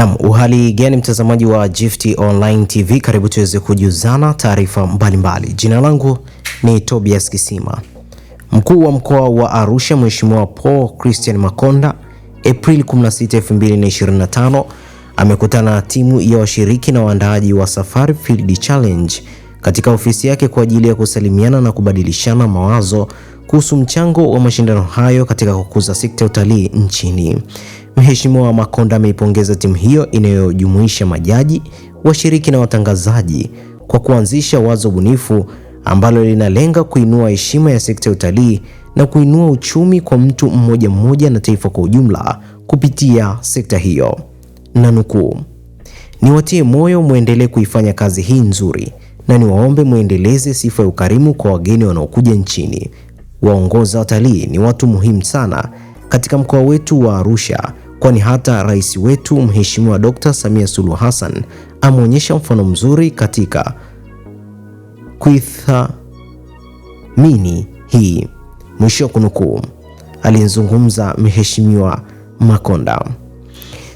Naam, uhali gani mtazamaji wa Gift Online TV, karibu tuweze kujuzana taarifa mbalimbali. Jina langu ni Tobias Kisima. Mkuu wa mkoa wa Arusha Mheshimiwa Paul Christian Makonda Aprili 16, 2025 amekutana na timu ya washiriki na waandaaji wa Safari Field Challenge katika ofisi yake kwa ajili ya kusalimiana na kubadilishana mawazo kuhusu mchango wa mashindano hayo katika kukuza sekta ya utalii nchini. Mheshimiwa Makonda ameipongeza timu hiyo inayojumuisha majaji, washiriki na watangazaji kwa kuanzisha wazo bunifu ambalo linalenga kuinua heshima ya sekta ya utalii na kuinua uchumi kwa mtu mmoja mmoja na taifa kwa ujumla kupitia sekta hiyo. Na nukuu, niwatie moyo mwendelee kuifanya kazi hii nzuri na niwaombe mwendeleze sifa ya ukarimu kwa wageni wanaokuja nchini. Waongoza watalii ni watu muhimu sana katika mkoa wetu wa Arusha, kwani hata rais wetu Mheshimiwa Dr. Samia Suluhu Hassan ameonyesha mfano mzuri katika kuithamini hii, mwisho wa kunukuu, alizungumza Mheshimiwa Makonda.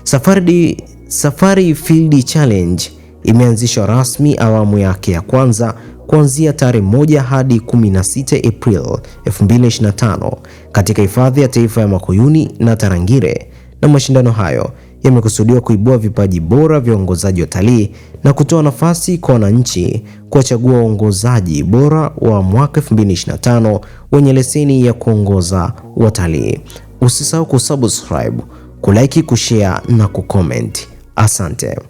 Safari, Safari Field Challenge imeanzisha rasmi awamu yake ya kwanza kuanzia tarehe moja hadi 16 April 2025 katika hifadhi ya taifa ya Makuyuni na Tarangire, na mashindano hayo yamekusudiwa kuibua vipaji bora vya uongozaji watalii na kutoa nafasi kwa wananchi kuwachagua waongozaji bora wa mwaka 2025 wenye leseni ya kuongoza watalii. Usisahau kusubscribe, kulike, kushare na kucomment. Asante.